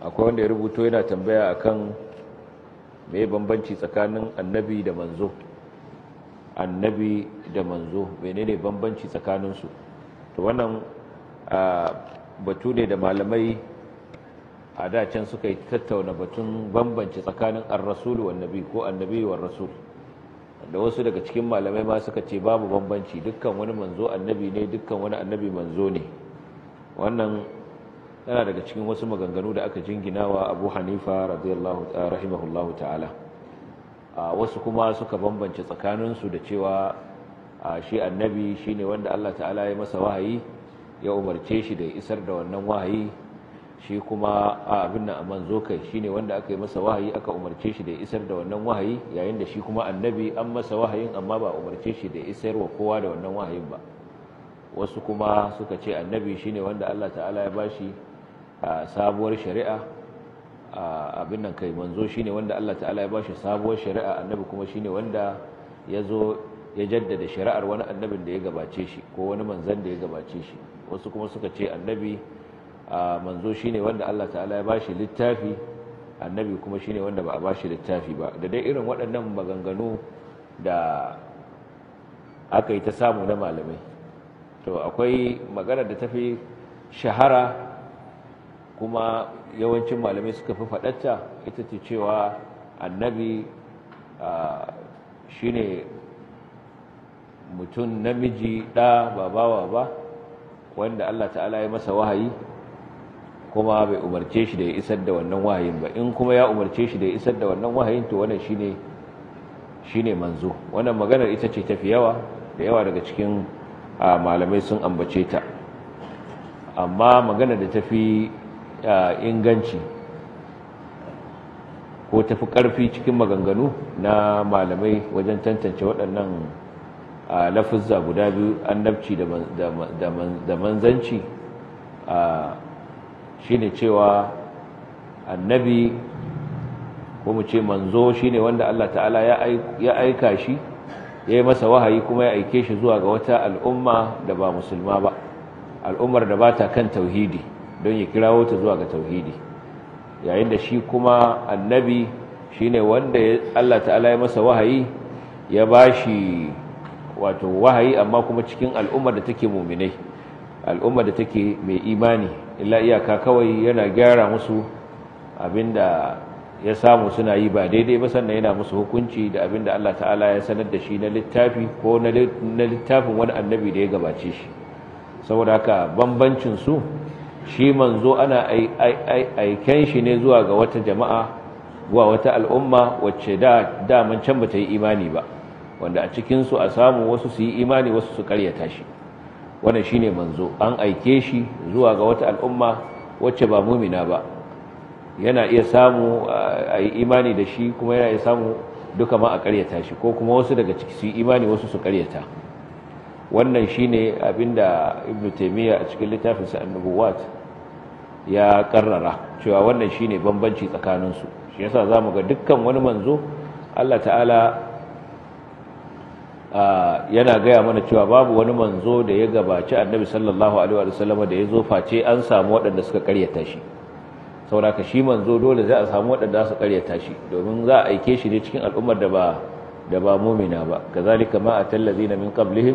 akwai wanda ya rubuto yana tambaya akan me bambanci tsakanin annabi da manzo annabi da manzo menene bambanci tsakaninsu to wannan batu ne da malamai a dacen suka yi tattauna batun bambanci tsakanin ar-rasulu wa nabi ko annabi wa rasul da wasu daga cikin malamai ma suka ce babu bambanci dukkan wani manzo annabi ne dukkan wani annabi manzo ne wannan yana daga cikin wasu maganganu da aka jingina wa abu hanifa radiyallahu rahimahullahu ta'ala wasu kuma suka bambance tsakaninsu da cewa shi annabi shi ne wanda Allah ta'ala ya masa wahayi ya umarce shi da isar da wannan wahayi shi kuma abin nan manzo kai shi ne wanda aka yi masa wahayi aka umarce shi da isar da wannan wahayi yayin da shi kuma annabi an masa wahayin amma ba umarce shi da isar wa kowa da wannan wahayin ba wasu kuma suka ce annabi shi ne wanda Allah ta'ala ya bashi sabuwar shari'a abin nan kai manzo shine wanda Allah ta'ala ya bashi sabuwar shari'a annabi kuma shine wanda ya zo ya jaddada shari'ar wani annabin da ya gabace shi ko wani manzan da ya gabace shi wasu kuma suka ce annabi manzo shine wanda Allah ta'ala ya bashi littafi annabi kuma shine wanda ba a bashi littafi ba da dai irin waɗannan maganganu da aka yi ta samu na malamai to akwai magana da tafi shahara kuma yawancin malamai suka fi faɗarta ita ce cewa annabi shi ne mutum namiji ɗa ba bawa ba wanda Allah ta'ala ya masa wahayi kuma bai umarce shi da ya isar da wannan wahayin ba in kuma ya umarce shi da ya isar da wannan wahayin to wannan shi ne manzo wannan maganar ita ce tafi yawa da yawa daga cikin malamai sun ambace ta amma maganar da tafi inganci ko tafi ƙarfi cikin maganganu na malamai wajen tantance waɗannan lafizza guda biyu annabci da manzanci shine cewa annabi ko mu ce manzo shine wanda Allah ta'ala ya aika shi ya yi masa wahayi kuma ya aike shi zuwa ga wata al'umma da ba musulma ba al'ummar da ba ta kan tauhidi don ya kirawo ta zuwa ga tauhidi yayin da shi kuma annabi shine wanda Allah ta'ala ya masa wahayi ya bashi wato wahayi amma kuma cikin al'ummar da take muminai al'ummar da take mai imani illa iyaka kawai yana gyara musu abinda ya samu suna yi ba daidai ba sannan yana musu hukunci da abinda Allah ta'ala ya sanar da shi na littafi ko na littafin wani annabi da ya gabace shi saboda haka bambancin su shi manzo ana aiken shi ne zuwa ga wata jama'a zuwa wata al'umma wacce da daman can ba ta yi imani ba wanda a cikinsu a samu wasu su yi imani wasu su karyata shi wannan shi ne manzo an aike shi zuwa ga wata al'umma wacce ba mumina ba yana iya samu a yi imani da shi kuma yana iya samu duka ma a karyata shi ko kuma wasu daga ciki su yi imani wasu su karyata wannan shine da ibn taimiyya a cikin littafinsa annubuwat ya karrara cewa wannan shine bambanci tsakaninsu shi yasa zamu ga dukkan wani manzo Allah ta'ala yana gaya mana cewa babu wani manzo da ya gabaci annabi sallallahu alaihi wa sallama da ya zo face an samu waɗanda suka karyata shi sauraka shi manzo dole za a samu waɗanda su karyata shi domin za a aike shi ne cikin al'ummar da ba da ba mumina ba kazalika ma atallazina min qablihim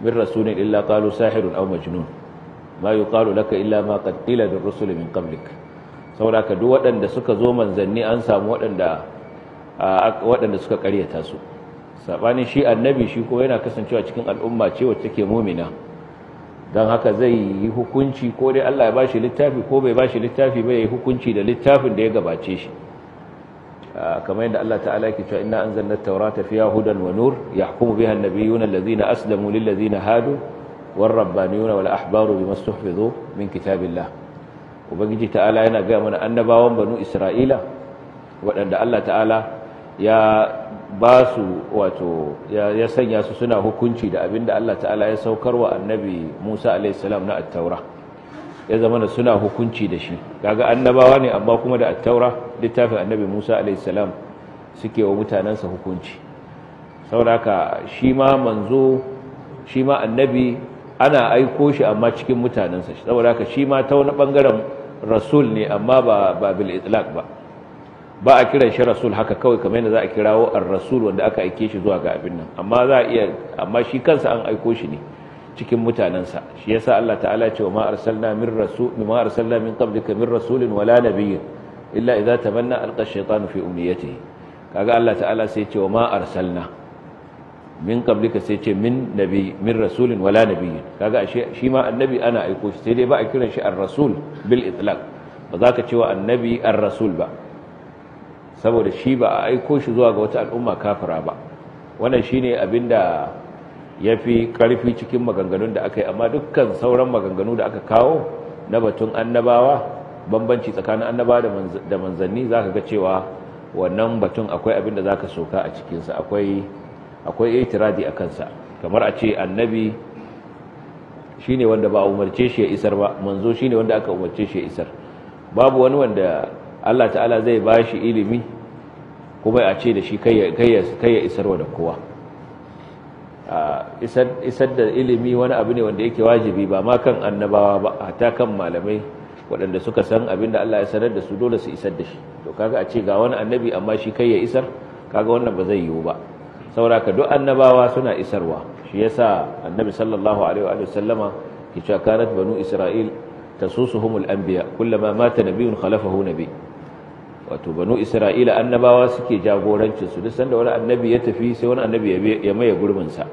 min rasulin illa qalu sahirun aw majnun ma na laka illa ma da qila bir rusul min qablik saboda ka duk waɗanda suka zo manzanni an samu waɗanda suka ƙaryata su sabanin shi annabi shi ko yana kasancewa cikin al'umma ce wacce take mu'mina Don haka zai yi hukunci ko dai Allah ya bashi littafi ko bai bashi littafi ba yi hukunci da littafin da ya gabace shi kamar yadda Allah ta'ala yake cewa inna anzalna at-taurata fiha hudan wa nur yahkumu biha an-nabiyyuna alladhina aslamu lil-ladhina hadu والربانيون والأحبار بما استحفظوا من كتاب الله وبنجي تعالى هنا قال من النباوان بنو إسرائيل وأن الله تعالى يا basu wato ya sanya su suna hukunci da abinda Allah ta'ala ya saukar wa annabi Musa alaihi na at-taura ya zama da suna hukunci da shi kaga annabawa ne amma kuma da at-taura littafin annabi Musa alaihi salam suke wa mutanensa hukunci saboda haka shi annabi ana aiko shi amma cikin mutanensa saboda haka shi ma ta wani bangaren rasul ne amma ba ba itlaq ba ba a kiran shi rasul haka kawai kamar yadda za a kirawo ar-rasul wanda aka aike shi zuwa ga abin nan amma za a iya amma shi kansa an aiko shi ne cikin mutanensa shi yasa Allah ta'ala ce wa ma arsalna min rasul ma arsalna min qablika min rasulin wala nabiyyin illa idza tamanna alqa ash-shaytanu fi umniyatihi kaga Allah ta'ala sai ce wa ma arsalna min qablika sai ce min nabi min rasulin wala nabiyyin kaga shi ma annabi ana aiko shi sai dai ba a kiran shi ar-rasul bil itlaq ba za ka cewa annabi ar-rasul ba saboda shi ba a aiko shi zuwa ga wata al'umma kafira ba wannan shine abinda yafi karfi cikin maganganun da aka yi amma dukkan sauran maganganu da aka kawo na batun annabawa bambanci tsakanin annabawa da manzanni zaka ga cewa wannan batun akwai abinda zaka soka a cikin sa akwai akwai itiradi a kansa kamar a ce annabi shi ne wanda ba a umarce shi ya isar ba manzo shi ne wanda aka umarce shi ya isar babu wani wanda Allah ta'ala zai ba shi ilimi kuma a ce da shi kai ya isarwa da kowa isar da ilimi wani abu ne wanda yake wajibi ba ma kan annabawa ba ta kan malamai waɗanda suka san abin da Allah ya sanar da su dole su isar da shi to kaga a ce ga wani annabi amma shi kai ya isar kaga wannan ba zai yiwu ba sauraka duk annabawa suna isarwa shi yasa annabi sallallahu alaihi wa sallama ke cewa kanat banu isra'il tasusuhumul anbiya kullama mata nabiyyun khalafahu nabi wato banu isra'ila annabawa suke jagorancin su duk sanda wani annabi ya tafi sai wani annabi ya maye gurbin sa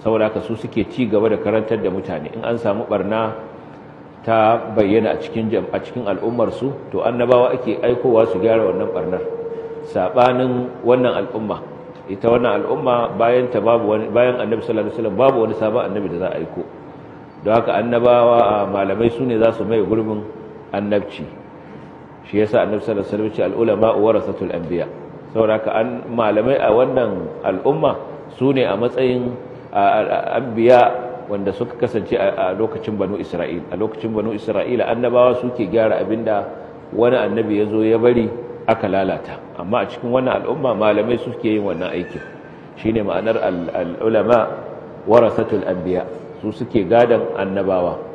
saboda su suke ci gaba da karantar da mutane in an samu barna ta bayyana a cikin a cikin al'ummar su to annabawa ake aikowa su gyara wannan barnar sabanin wannan al'umma ita wannan al'umma bayan ta babu wani bayan annabi sallallahu alaihi wasallam babu wani sabon annabi da za a aiko don haka annabawa malamai su ne za su mai gurbin annabci shi yasa annabi sallallahu alaihi wasallam ce al'ulama warasatul anbiya saboda haka an malamai a wannan al'umma su ne a matsayin anbiya wanda suka kasance a lokacin banu a lokacin banu isra'ila annabawa suke gyara abinda wani annabi ya zo ya bari aka lalata amma a cikin wannan al'umma malamai suke yin wannan aikin shine ma'anar al'ulama warasatul anbiya su suke gadon annabawa